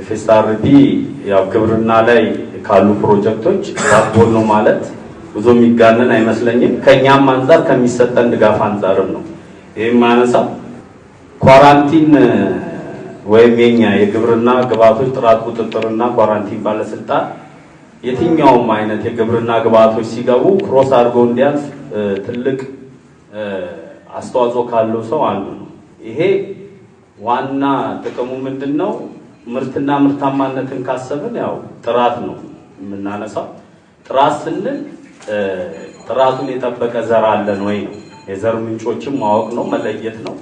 ኤፍኤስአርፒ ያው ግብርና ላይ ካሉ ፕሮጀክቶች ራቦን ነው ማለት ብዙ የሚጋነን አይመስለኝም። ከኛም አንጻር ከሚሰጠን ድጋፍ አንጻርም ነው። ይህም ማነሳ ኳራንቲን ወይም የኛ የግብርና ግብአቶች ጥራት ቁጥጥርና ኳራንቲን ባለስልጣን የትኛውም አይነት የግብርና ግብዓቶች ሲገቡ ክሮስ አድርጎ እንዲያልፍ ትልቅ አስተዋጽኦ ካለው ሰው አንዱ ነው። ይሄ ዋና ጥቅሙ ምንድን ነው? ምርትና ምርታማነትን ካሰብን ያው ጥራት ነው የምናነሳው። ጥራት ስንል ጥራቱን የጠበቀ ዘር አለን ወይ ነው። የዘር ምንጮችን ማወቅ ነው መለየት ነው።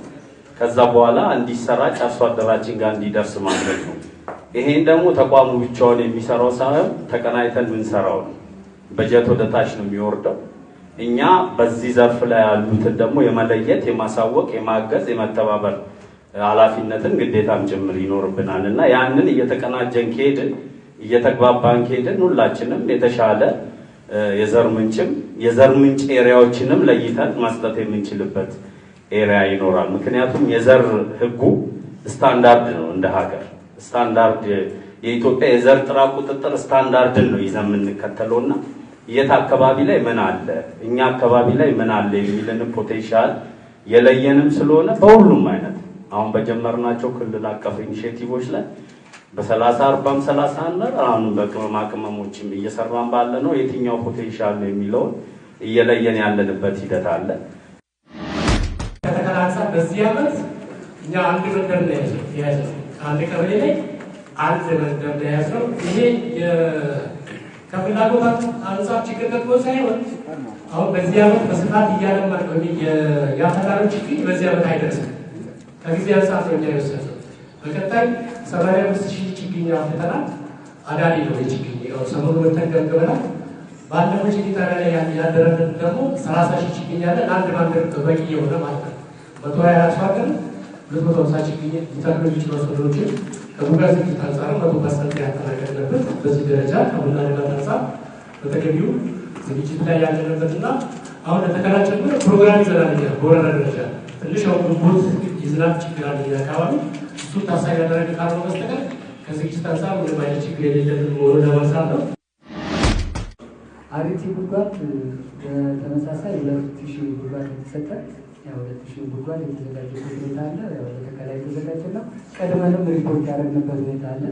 ከዛ በኋላ እንዲሰራጭ አርሶ አደራችን ጋር እንዲደርስ ማድረግ ነው። ይሄን ደግሞ ተቋሙ ብቻውን የሚሰራው ሳይሆን ተቀናይተን ምንሰራው ነው። በጀት ወደ ታች ነው የሚወርደው። እኛ በዚህ ዘርፍ ላይ ያሉትን ደግሞ የመለየት የማሳወቅ፣ የማገዝ፣ የመተባበር ኃላፊነትን ግዴታም ጭምር ይኖርብናል እና ያንን እየተቀናጀን ከሄድን እየተግባባን ከሄድን ሁላችንም የተሻለ የዘር ምንጭም የዘር ምንጭ ኤሪያዎችንም ለይተን መስጠት የምንችልበት ኤሪያ ይኖራል። ምክንያቱም የዘር ህጉ ስታንዳርድ ነው እንደ ሀገር ስታንዳርድ የኢትዮጵያ የዘር ጥራ ቁጥጥር ስታንዳርድን ነው ይዘን የምንከተለው እና የት አካባቢ ላይ ምን አለ፣ እኛ አካባቢ ላይ ምን አለ የሚልን ፖቴንሻል የለየንም ስለሆነ በሁሉም አይነት አሁን በጀመርናቸው ክልል አቀፍ ኢኒሼቲቮች ላይ በሰላሳ አርባም ሰላሳ አለ። አሁንም በቅመማ ቅመሞችም እየሰራን ባለ ነው። የትኛው ፖቴንሻል ነው የሚለውን እየለየን ያለንበት ሂደት አለ። ከተከላ አንጻር በዚህ ዓመት እኛ አንድ መንደር ነው የያዝነው፣ አንድ ቀበሌ ላይ አንድ መንደር ነው የያዝነው። ይሄ አንጻር ችግር ገጥሞ ሳይሆን አሁን በዚህ ዓመት በስፋት እያለማ የአፈታሮች በዚህ ዓመት አይደርስም። ከጊዜ አንጻር ነው የሚያወሰደው። በቀጣይ ሰማንያ አምስት ሺህ ችግኝ አፍልተናል። አዳሪ ነው የችግኝ ሰሞኑ ወተን ገምግመናል። ባለፈው ችግኝ ታዲያ ላይ ያደረግን ደግሞ ሰላሳ ሺህ ችግኝ ያለ ለአንድ ማንደር በቂ የሆነ ማለት ነው። መቶ ሀያ አርሶ አደር ሁለት መቶ ሀምሳ ችግኝ ሊተክሉ የሚችሉ ሰዶችን ከሙጋዝ ፊት አንጻር መቶ ፐርሰንት ያጠናቀቅንበት በዚህ ደረጃ ከቡና ልማት አንጻር በተገቢው ዝግጅት ላይ ያለንበት እና አሁን ለተከራጨ ፕሮግራም ይዘናል። በወረዳ ደረጃ ትንሽ ያው ግንቦት የዝናብ ችግር አለ አካባቢ። እሱ ታሳቢ ያደረገ ካልሆነ በስተቀር ከዝግጅት አንጻር ምንም አይነት ችግር የሌለብን መሆኑን ለማንሳት ነው። አሪቲ ጉድጓድ በተመሳሳይ ሁለት ሺህ ጉድጓድ የተሰጠ ሁለት ሺህ ጉድጓድ የተዘጋጀበት ሁኔታ አለ። ለተከላ የተዘጋጀ ነው። ቀድመንም ሪፖርት ያደረግንበት ሁኔታ አለ።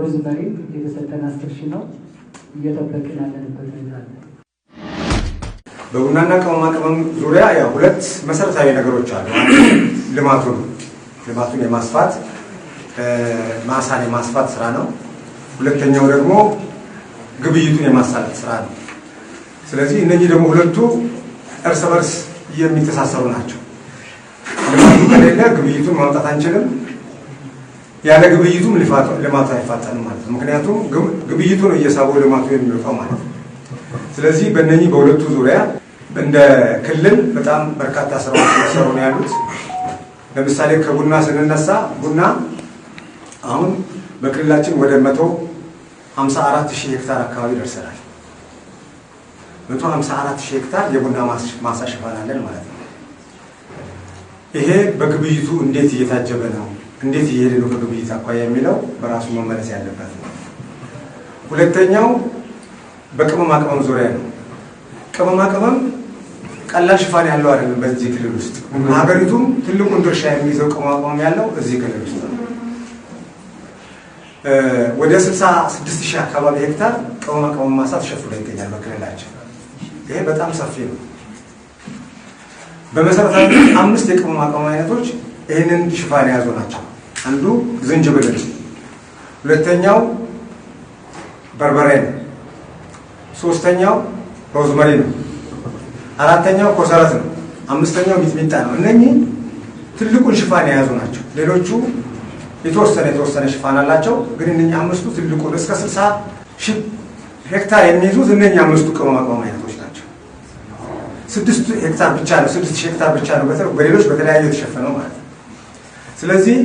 ሮዝመሪም የተሰጠን አስር ሺህ ነው። እየጠበቅን ያለንበት ሁኔታ አለ። በቡናና ቅመማ ቅመም ዙሪያ ያው ሁለት መሰረታዊ ነገሮች አሉ። ልማቱን ልማቱን የማስፋት ማሳን የማስፋት ስራ ነው። ሁለተኛው ደግሞ ግብይቱን የማሳለጥ ስራ ነው። ስለዚህ እነዚህ ደግሞ ሁለቱ እርስ በርስ የሚተሳሰሩ ናቸው። ልማቱ ከሌለ ግብይቱን ማምጣት አንችልም። ያለ ግብይቱም ልማቱ አይፋጠንም ማለት ነው። ምክንያቱም ግብይቱ ነው እየሳቡ ልማቱ የሚወጣው ማለት ነው። ስለዚህ በእነኚህ በሁለቱ ዙሪያ እንደ ክልል በጣም በርካታ ስራዎች እየሰሩ ነው ያሉት። ለምሳሌ ከቡና ስንነሳ ቡና አሁን በክልላችን ወደ መቶ ሀምሳ አራት ሺህ ሄክታር አካባቢ ደርሰናል። መቶ ሀምሳ አራት ሺህ ሄክታር የቡና ማሳ ሽፋን አለን ማለት ነው። ይሄ በግብይቱ እንዴት እየታጀበ ነው፣ እንዴት እየሄደ ነው ከግብይት አኳያ የሚለው በራሱ መመለስ ያለበት ነው። ሁለተኛው በቅመማ ቅመም ዙሪያ ነው። ቅመማ ቅመም ቀላል ሽፋን ያለው አይደለም። በዚህ ክልል ውስጥ ሀገሪቱም ትልቁን ድርሻ የሚይዘው ቅመማ ቅመም ያለው እዚህ ክልል ውስጥ ነው። ወደ 66 ሺህ አካባቢ ሄክታር ቅመማ ቅመም ማሳ ተሸፍኖ ይገኛል በክልላችን። ይሄ በጣም ሰፊ ነው። በመሰረታዊ አምስት የቅመማ ቅመም አይነቶች ይህንን ሽፋን የያዙ ናቸው። አንዱ ዝንጅብል፣ ሁለተኛው በርበሬ ነው። ሶስተኛው ሮዝመሪ ነው። አራተኛው ኮሰረት ነው። አምስተኛው ሚጥሚጣ ነው። እነኚህ ትልቁን ሽፋን የያዙ ናቸው። ሌሎቹ የተወሰነ የተወሰነ ሽፋን አላቸው። ግን እነኚህ አምስቱ ትልቁን እስከ ስልሳ ሄክታር የሚይዙት እነኚህ አምስቱ ቅመማ ቅመም አይነቶች ናቸው። ስድስቱ ሄክታር ብቻ ነው ስድስት ሺህ ሄክታር ብቻ ነው በሌሎች በተለያዩ የተሸፈነው ማለት ነው። ስለዚህ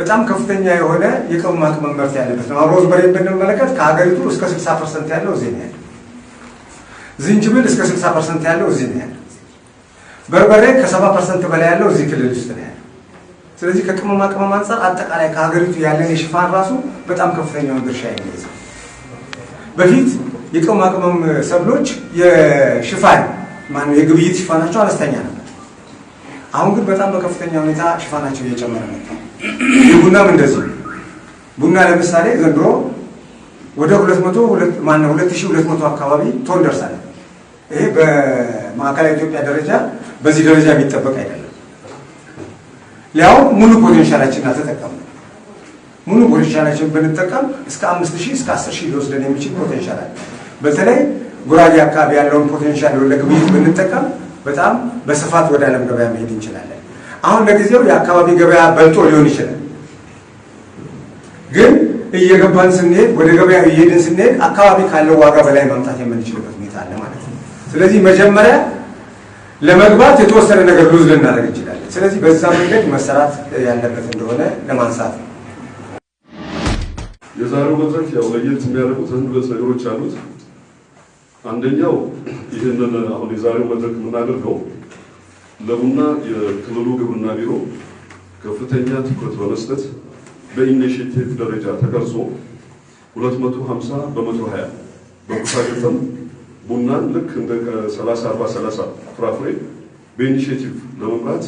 በጣም ከፍተኛ የሆነ የቅመማ ቅመም ምርት ያለበት ነው። ሮዝመሪ ብንመለከት ከሀገሪቱ እስከ 60 ፐርሰንት ያለው እዚህ ነው ያለው። ዝንጅብል እስከ 60 ፐርሰንት ያለው እዚህ ነው ያለው። በርበሬ ከ70 ፐርሰንት በላይ ያለው እዚህ ክልል ውስጥ ነው ያለው። ስለዚህ ከቅመማ ቅመም አንጻር አጠቃላይ ከሀገሪቱ ያለን የሽፋን ራሱ በጣም ከፍተኛውን ድርሻ የሚይዝ በፊት የቅመማ ቅመም ሰብሎች የሽፋን ማነው የግብይት ሽፋናቸው አነስተኛ ነበር። አሁን ግን በጣም በከፍተኛ ሁኔታ ሽፋናቸው እየጨመረ መጥቷል። የቡናም ነው ቡና ለምሳሌ ዘንድሮ ወደ 200 ማነ 2200 አካባቢ ቶን ደርሳለን። ይሄ በማዕከላዊ ኢትዮጵያ ደረጃ በዚህ ደረጃ የሚጠበቅ አይደለም። ሊያው ሙሉ ፖቴንሻላችን አልተጠቀም። ሙሉ ፖቴንሻላችን ብንጠቀም እስከ 5000 እስከ 10000 ሊወስደን የሚችል ፖቴንሻል አለ። በተለይ ጉራጌ አካባቢ ያለውን ፖቴንሻል ለግብይት ብንጠቀም በጣም በስፋት ወደ ዓለም ገበያ መሄድ እንችላለን። አሁን ለጊዜው የአካባቢ ገበያ በልጦ ሊሆን ይችላል። ግን እየገባን ስንሄድ ወደ ገበያ እየሄድን ስንሄድ አካባቢ ካለው ዋጋ በላይ ማምጣት የምንችልበት ሁኔታ አለ ማለት ነው። ስለዚህ መጀመሪያ ለመግባት የተወሰነ ነገር ሉዝ ልናደርግ እንችላለን። ስለዚህ በዛ መንገድ መሰራት ያለበት እንደሆነ ለማንሳት ነው። የዛሬው መድረክ ያው ለየት የሚያደርጉት አንድ ሁለት ነገሮች አሉት። አንደኛው ይህንን አሁን የዛሬው መድረክ የምናደርገው ለቡና የክልሉ ግብርና ቢሮ ከፍተኛ ትኩረት በመስጠት በኢኒሽቲቭ ደረጃ ተቀርጾ 250 በመቶ 20 በቁሳቁስም ቡናን ልክ እንደ 30 40 30 ፍራፍሬ በኢኒሽቲቭ ለመምራት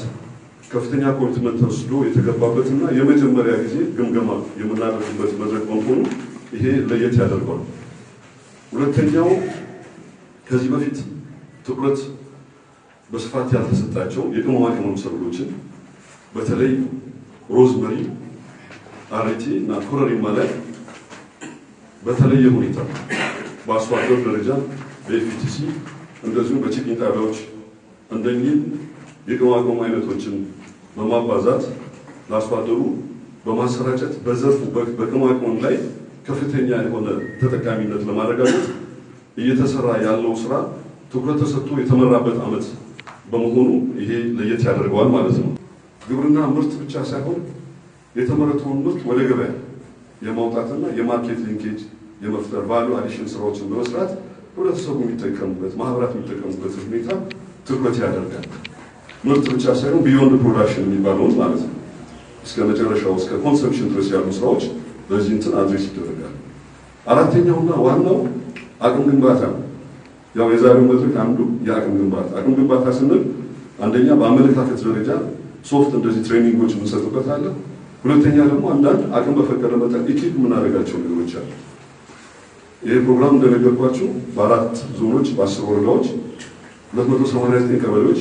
ከፍተኛ ኮሚትመንት ተወስዶ የተገባበትና የመጀመሪያ ጊዜ ግምገማ የምናደርግበት መድረክ በመሆኑ ይሄ ለየት ያደርገዋል። ሁለተኛው ከዚህ በፊት ትኩረት በስፋት ያልተሰጣቸው የቅመማ ቅመም ሰብሎችን በተለይ ሮዝመሪ፣ አረቴ እና ኮረሪማ ላይ በተለየ ሁኔታ በአርሶ አደር ደረጃ በኤፍቲሲ እንደዚሁም በችግኝ ጣቢያዎች እንደኚህ የቅመማ ቅመም አይነቶችን በማባዛት ለአርሶ አደሩ በማሰራጨት በዘርፉ በቅመማ ቅመም ላይ ከፍተኛ የሆነ ተጠቃሚነት ለማረጋገጥ እየተሰራ ያለው ስራ ትኩረት ተሰጥቶ የተመራበት ዓመት በመሆኑ ይሄ ለየት ያደርገዋል ማለት ነው። ግብርና ምርት ብቻ ሳይሆን የተመረተውን ምርት ወደ ገበያ የማውጣትና የማርኬት ሊንኬጅ የመፍጠር ባሉ አዲሽን ስራዎችን በመስራት ህብረተሰቡ የሚጠቀሙበት ማህበራት የሚጠቀሙበት ሁኔታ ትኩረት ያደርጋል። ምርት ብቻ ሳይሆን ቢዮንድ ፕሮዳክሽን የሚባለውን ማለት ነው። እስከ መጨረሻው እስከ ኮንሰፕሽን ድረስ ያሉ ስራዎች በዚህ እንትን አድሬስ ይደረጋል። አራተኛውና ዋናው አቅም ግንባታ ነው። ያው የዛሬው መድረክ አንዱ የአቅም ግንባታ አቅም ግንባታ ስንል አንደኛ በአመለካከት ደረጃ ሶፍት እንደዚህ ትሬኒንጎች የምንሰጥበት አለ። ሁለተኛ ደግሞ አንዳንድ አቅም በፈቀደ መጠን ኢኪፕ የምናደርጋቸው ነገሮች አሉ። ይህ ፕሮግራም እንደነገርኳችሁ በአራት ዞኖች በአስር ወረዳዎች 289 ቀበሌዎች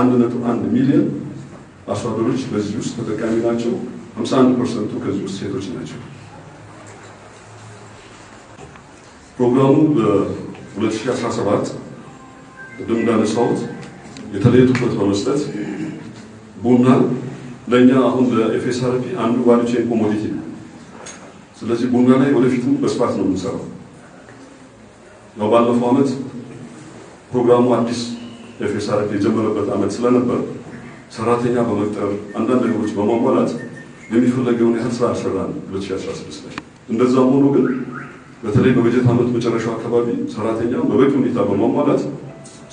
1.1 ሚሊዮን አርሶ አደሮች በዚህ ውስጥ ተጠቃሚ ናቸው። 51 ፐርሰንቱ ከዚህ ውስጥ ሴቶች ናቸው። ፕሮግራሙ 2017 ቅድም እንዳነሳሁት የተለየ ትኩረት በመስጠት ቡና ለእኛ አሁን ለኤፍኤስአርፒ አንዱ ቫልዩ ኮሞዲቲ ነው። ስለዚህ ቡና ላይ ወደፊትም በስፋት ነው የምንሰራው። ያው ባለፈው ዓመት ፕሮግራሙ አዲስ ኤፍኤስአርፒ የጀመረበት ዓመት ስለነበር ሰራተኛ በመቅጠር አንዳንድ ነገሮች በማሟላት የሚፈለገውን ያህል ስራ አልሰራንም 2016 ላይ እንደዛም ሆኖ ግን በተለይ በበጀት ዓመት መጨረሻው አካባቢ ሰራተኛ በበቂ ሁኔታ በማሟላት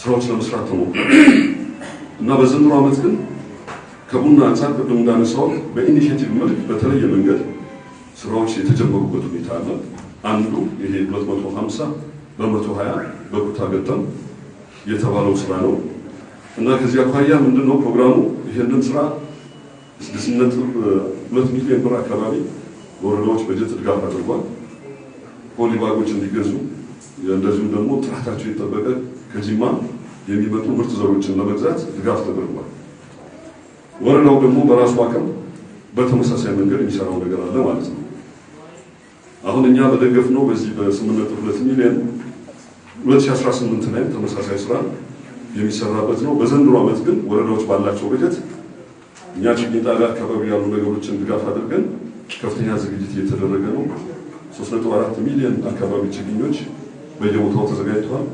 ስራዎች ለመስራት ተሞክሯል እና በዘንድሮ ዓመት ግን ከቡና አንጻር ቅድም እንዳነሳው በኢኒሽቲቭ መልክ በተለየ መንገድ ስራዎች የተጀመሩበት ሁኔታ አለ። አንዱ ይሄ 250 በ120 በኩታ ገጠም የተባለው ስራ ነው እና ከዚህ አኳያ ምንድን ነው ፕሮግራሙ ይህንን ስራ ሁለት ሚሊዮን ብር አካባቢ በወረዳዎች በጀት ድጋፍ አድርጓል። ፖሊባጎች እንዲገዙ እንደዚሁም ደግሞ ጥራታቸው የጠበቀ ከጂማ የሚመጡ ምርጥ ዘሮችን ለመግዛት ድጋፍ ተደርጓል። ወረዳው ደግሞ በራሱ አቅም በተመሳሳይ መንገድ የሚሰራው ነገር አለ ማለት ነው። አሁን እኛ በደገፍ ነው በዚህ በ 82 ሚሊዮን 2018 ላይ ተመሳሳይ ስራ የሚሰራበት ነው። በዘንድሮ ዓመት ግን ወረዳዎች ባላቸው በጀት እኛ ችግኝ ጣቢያ አካባቢ ያሉ ነገሮችን ድጋፍ አድርገን ከፍተኛ ዝግጅት እየተደረገ ነው። 34 ሚሊዮን አካባቢ ችግኞች በየቦታው ተዘጋጅተዋል።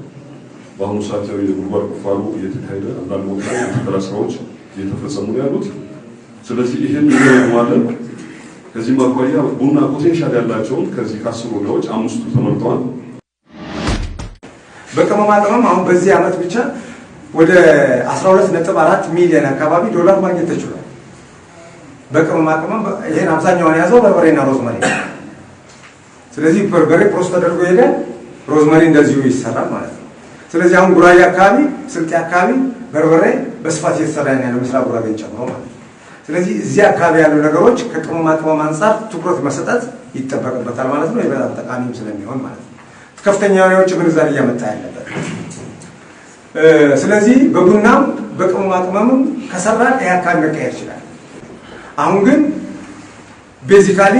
በአሁኑ ሰዓት ያው የጉድጓድ ቁፋሮ እየተካሄደ አንዳንድ ቦታ የተከላ ስራዎች እየተፈጸሙ ነው ያሉት። ስለዚህ ይህን ይገመግማለን። ከዚህም አኳያ ቡና ፖቴንሻል ያላቸውን ከዚህ ከአስር ወረዳዎች አምስቱ ተመርጠዋል። በቅመማ ቅመም አሁን በዚህ ዓመት ብቻ ወደ 12.4 ሚሊዮን አካባቢ ዶላር ማግኘት ተችሏል። በቅመማ ቅመም ይህን አብዛኛውን የያዘው በርበሬና ሮዝመሪ ስለዚህ በርበሬ ፕሮስ ተደርጎ ሄደ። ሮዝመሪ እንደዚሁ ይሰራል ማለት ነው። ስለዚህ አሁን ጉራጌ አካባቢ፣ ስልጤ አካባቢ በርበሬ በስፋት እየተሰራ ያለው ምስራቅ ጉራጌን ጨምሮ ማለት ነው። ስለዚህ እዚህ አካባቢ ያሉ ነገሮች ከቅመማ ቅመም አንጻር ትኩረት መሰጠት ይጠበቅበታል ማለት ነው። በጣም ጠቃሚም ስለሚሆን ማለት ነው። ከፍተኛ የውጭ ምንዛሪ እያመጣ ያለበት ስለዚህ በቡናም በቅመማ ቅመምም ከሰራ ይህ አካባቢ መቀየር ይችላል። አሁን ግን ቤዚካሊ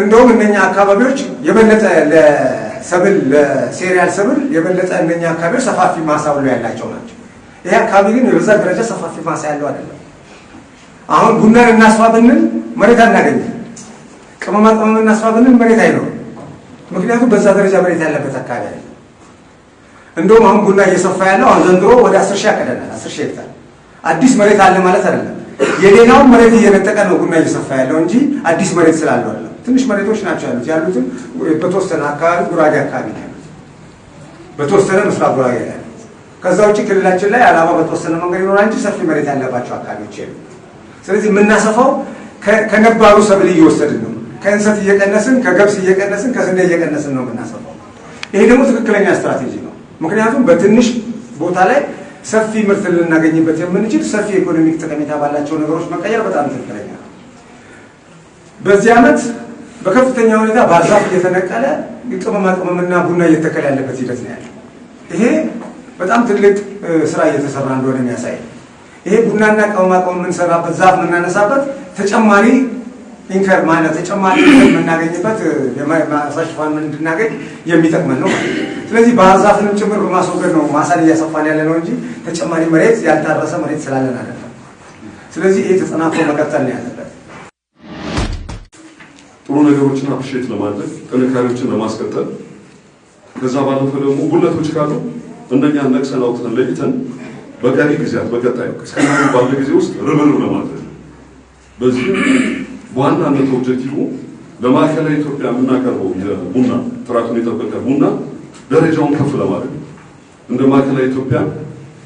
እንደውም እነኛ አካባቢዎች የበለጠ ለሰብል ለሴሪያል ሰብል የበለጠ እነኛ አካባቢዎች ሰፋፊ ማሳ ብሎ ያላቸው ናቸው። ይሄ አካባቢ ግን በዛ ደረጃ ሰፋፊ ማሳ ያለው አይደለም። አሁን ቡናን እናስፋ ብንል መሬት አናገኝም። ቅመማ ቅመም እናስፋ ብንል መሬት አይኖርም። ምክንያቱም በዛ ደረጃ መሬት ያለበት አካባቢ አይደለም። እንደውም አሁን ቡና እየሰፋ ያለው አሁን ዘንድሮ ወደ አስር ሺህ ያቀደናል። አስር ሺህ ሄክታር አዲስ መሬት አለ ማለት አይደለም። የሌላውን መሬት እየነጠቀ ነው ቡና እየሰፋ ያለው እንጂ አዲስ መሬት ስላለው ትንሽ መሬቶች ናቸው ያሉት። ያሉትም በተወሰነ አካባቢ ጉራጌ አካባቢ ነው ያሉት፣ በተወሰነ ምስራቅ ጉራጌ ላይ ያሉት። ከዛ ውጭ ክልላችን ላይ አላማ በተወሰነ መንገድ ይኖራል እንጂ ሰፊ መሬት ያለባቸው አካባቢዎች የሉ። ስለዚህ የምናሰፋው ከነባሩ ሰብል እየወሰድን ነው፣ ከእንሰት እየቀነስን፣ ከገብስ እየቀነስን፣ ከስንዴ እየቀነስን ነው የምናሰፋው። ይሄ ደግሞ ትክክለኛ ስትራቴጂ ነው። ምክንያቱም በትንሽ ቦታ ላይ ሰፊ ምርት ልናገኝበት የምንችል ሰፊ ኢኮኖሚክ ጠቀሜታ ባላቸው ነገሮች መቀየር በጣም ትክክለኛ ነው። በዚህ ዓመት በከፍተኛ ሁኔታ በዛፍ እየተነቀለ ቅመማ ቅመምና ቡና እየተከለ ያለበት ሂደት ነው ያለው። ይሄ በጣም ትልቅ ስራ እየተሰራ እንደሆነ የሚያሳይ ይሄ ቡናና ቅመማ ቅመም የምንሰራበት ዛፍ የምናነሳበት ተጨማሪ ኢንከር ማለት ተጨማሪ የምናገኝበት የማሳ ሽፋን እንድናገኝ የሚጠቅመን ነው ማለት ነው። ስለዚህ ባህርዛፍንም ጭምር በማስወገድ ነው ማሳን እያሰፋን ያለ ነው እንጂ ተጨማሪ መሬት ያልታረሰ መሬት ስላለን አይደለም። ስለዚህ ይሄ ተጸናክሮ መቀጠል ነው ያለ ጥሩ ነገሮችን አፕሪሼት ለማድረግ ጥንካሬዎችን ለማስቀጠል ከዛ ባለፈ ደግሞ ጉለቶች ካሉ እንደኛ ነቅሰን አውጥተን ለይተን በቀሪ ጊዜያት በቀጣይ እስከናሉ ባለ ጊዜ ውስጥ ርብርብ ለማድረግ በዚህም በዋናነት ኦብጀክቲቭ ለማዕከላዊ ኢትዮጵያ የምናቀርበው የቡና ጥራቱን የጠበቀ ቡና ደረጃውን ከፍ ለማድረግ እንደ ማዕከላዊ ኢትዮጵያ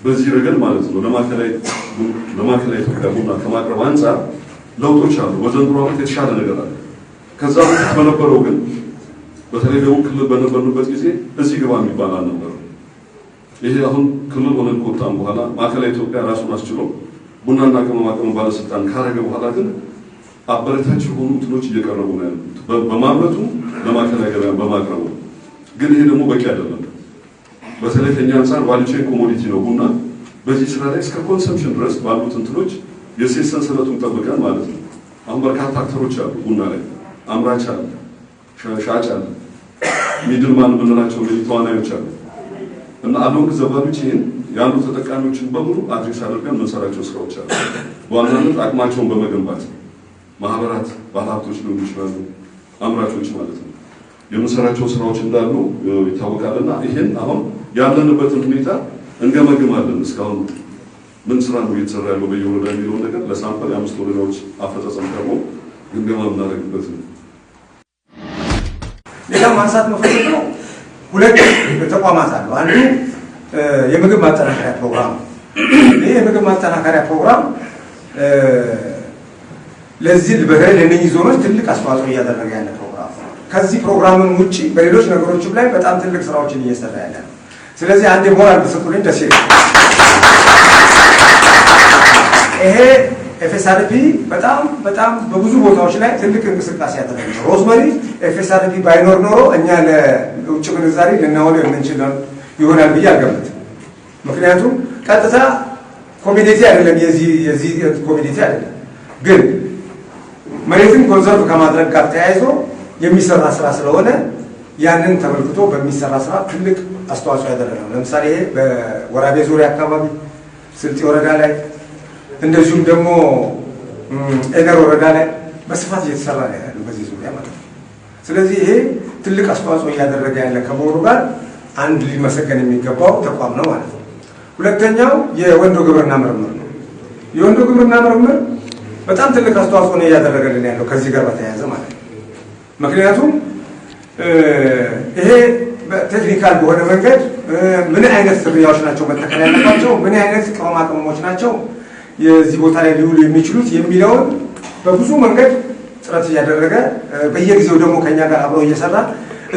በዚህ ረገድ ማለት ነው። ለማዕከላዊ ኢትዮጵያ ቡና ከማቅረብ አንጻር ለውጦች አሉ። በዘንድሮ ዓመት የተሻለ ነገር አለ። ከዛ በፊት በነበረው ግን በተለይ ደግሞ ክልል በነበርንበት ጊዜ እዚህ ግባ የሚባል አልነበረ። ይሄ አሁን ክልል ሆነን ከወጣን በኋላ ማዕከላዊ ኢትዮጵያ ራሱን አስችሎ ቡናና ቅመማ ቅመም ባለስልጣን ካረገ በኋላ ግን አበረታች የሆኑ እንትኖች እየቀረቡ ነው ያሉት፣ በማምረቱ ለማዕከላዊ ገበያ በማቅረቡ ግን ይሄ ደግሞ በቂ አይደለም። በተለይ ከኛ አንጻር ቫሊቼን ኮሞዲቲ ነው ቡና። በዚህ ስራ ላይ እስከ ኮንሰምፕሽን ድረስ ባሉት እንትኖች የሴት ሰንሰለቱን ጠብቀን ማለት ነው። አሁን በርካታ አክተሮች አሉ ቡና ላይ አምራች አለ፣ ሻጭ አለ፣ ሚድል የምንላቸው እንግዲህ ተዋናዮች አሉ እና አሎንግ ዘባቢች ይህን ያሉ ተጠቃሚዎችን በሙሉ አድሬስ አድርገን የምንሰራቸው ስራዎች አሉ። በዋናነት አቅማቸውን በመገንባት ማህበራት፣ ባለሀብቶች ሊሆኑ ይችላሉ፣ አምራቾች ማለት ነው የምንሰራቸው ስራዎች እንዳሉ ይታወቃልና ይህን አሁን ያለንበትን ሁኔታ እንገመግማለን። እስካሁን ምን ስራ ነው እየተሰራ ያለው በየወረዳ የሚለውን ነገር ለሳምፕል የአምስት ወረዳዎች አፈጻጸም ደግሞ ግምገማ የምናደርግበት ነው። ሌላ ማንሳት መፈለገው ሁለት ተቋማት አሉ። አንዱ የምግብ ማጠናከሪያ ፕሮግራም ይህ የምግብ ማጠናከሪያ ፕሮግራም ለዚህ በተለይ ለእነኚህ ዞኖች ትልቅ አስተዋጽኦ እያደረገ ያለ ፕሮግራም ከዚህ ፕሮግራምን ውጭ በሌሎች ነገሮችም ላይ በጣም ትልቅ ስራዎችን እየሰራ ያለ ነው። ስለዚህ አንዴ ሞራል ብስጡልኝ ደስ ይላል። ይሄ ኤፍ ኤስ አር ፒ በጣም በጣም በብዙ ቦታዎች ላይ ትልቅ እንቅስቃሴ ያደረገ ሮዝመሪ ኤፍኤስአርፒ ባይኖር ኖሮ እኛ ለውጭ ምንዛሬ ልናውለው የምንችለው ይሆናል ብዬ አልገምትም። ምክንያቱም ቀጥታ ኮሚዲቲ አይደለም፣ የዚህ ኮሚኒቲ አይደለም። ግን መሬትን ኮንዘርቭ ከማድረግ ጋር ተያይዞ የሚሰራ ስራ ስለሆነ ያንን ተመልክቶ በሚሰራ ስራ ትልቅ አስተዋጽኦ ያደረገ ነው። ለምሳሌ ይሄ በወራቤ ዙሪያ አካባቢ ስልጤ ወረዳ ላይ እንደዚሁም ደግሞ ኤገር ወረዳ ላይ በስፋት እየተሰራ ነው ያለው በዚህ ዙሪያ ማለት ነው። ስለዚህ ይሄ ትልቅ አስተዋጽኦ እያደረገ ያለ ከመሆኑ ጋር አንድ ሊመሰገን የሚገባው ተቋም ነው ማለት ነው። ሁለተኛው የወንዶ ግብርና ምርምር ነው። የወንዶ ግብርና ምርምር በጣም ትልቅ አስተዋጽኦ ነው እያደረገልን ያለው ከዚህ ጋር በተያያዘ ማለት ነው። ምክንያቱም ይሄ ቴክኒካል በሆነ መንገድ ምን አይነት ዝርያዎች ናቸው መተከል ያለባቸው፣ ምን አይነት ቅመማ ቅመሞች ናቸው የዚህ ቦታ ላይ ሊውሉ የሚችሉት የሚለውን በብዙ መንገድ ጥረት እያደረገ በየጊዜው ደግሞ ከኛ ጋር አብረው እየሰራ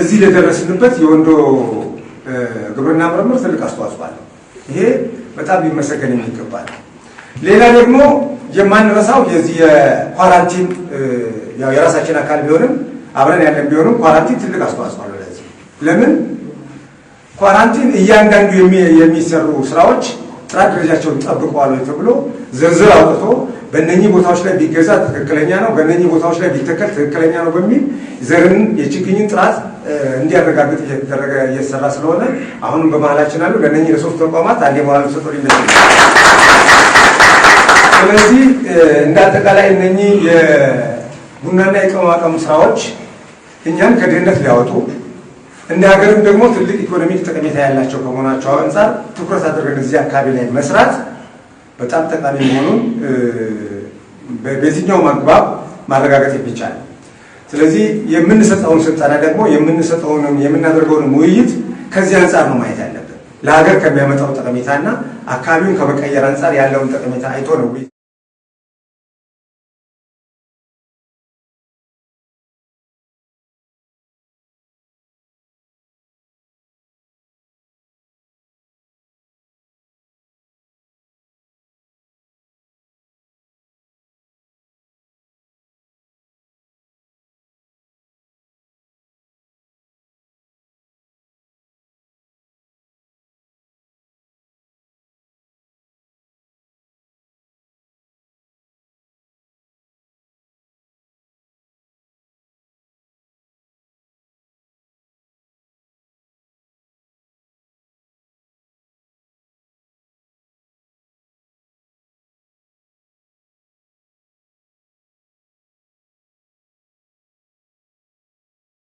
እዚህ ለደረስንበት የወንዶ ግብርና ምርምር ትልቅ አስተዋጽኦ አለው። ይሄ በጣም ሊመሰገን የሚገባል። ሌላ ደግሞ የማንረሳው የዚህ የኳራንቲን የራሳችን አካል ቢሆንም አብረን ያለን ቢሆንም ኳራንቲን ትልቅ አስተዋጽኦ አለው ለዚህ ለምን ኳራንቲን እያንዳንዱ የሚሰሩ ስራዎች ጥራት ደረጃቸውን ጠብቀዋል ተብሎ ዝርዝር አውጥቶ በእነኚህ ቦታዎች ላይ ቢገዛ ትክክለኛ ነው፣ በእነኚህ ቦታዎች ላይ ቢተከል ትክክለኛ ነው በሚል ዘርን የችግኝን ጥራት እንዲያረጋግጥ እየተደረገ እየተሰራ ስለሆነ አሁንም በመሀላችን አሉ ለእነኚህ ለሶስት ተቋማት አንዴ በኋላ ሰጠ ስለዚህ እንደ አጠቃላይ እነኚህ የቡናና የቅመማ ቅመም ስራዎች እኛን ከድህነት ሊያወጡ እንደ ሀገርም ደግሞ ትልቅ ኢኮኖሚክ ጠቀሜታ ያላቸው ከመሆናቸው አንጻር ትኩረት አድርገን እዚህ አካባቢ ላይ መስራት በጣም ጠቃሚ መሆኑን በየትኛውም አግባብ ማረጋገጥ ይቻላል። ስለዚህ የምንሰጠውን ስልጠና ደግሞ የምንሰጠውንም የምናደርገውንም ውይይት ከዚህ አንጻር ነው ማየት ያለብን። ለሀገር ከሚያመጣው ጠቀሜታና አካባቢውን ከመቀየር አንጻር ያለውን ጠቀሜታ አይቶ ነው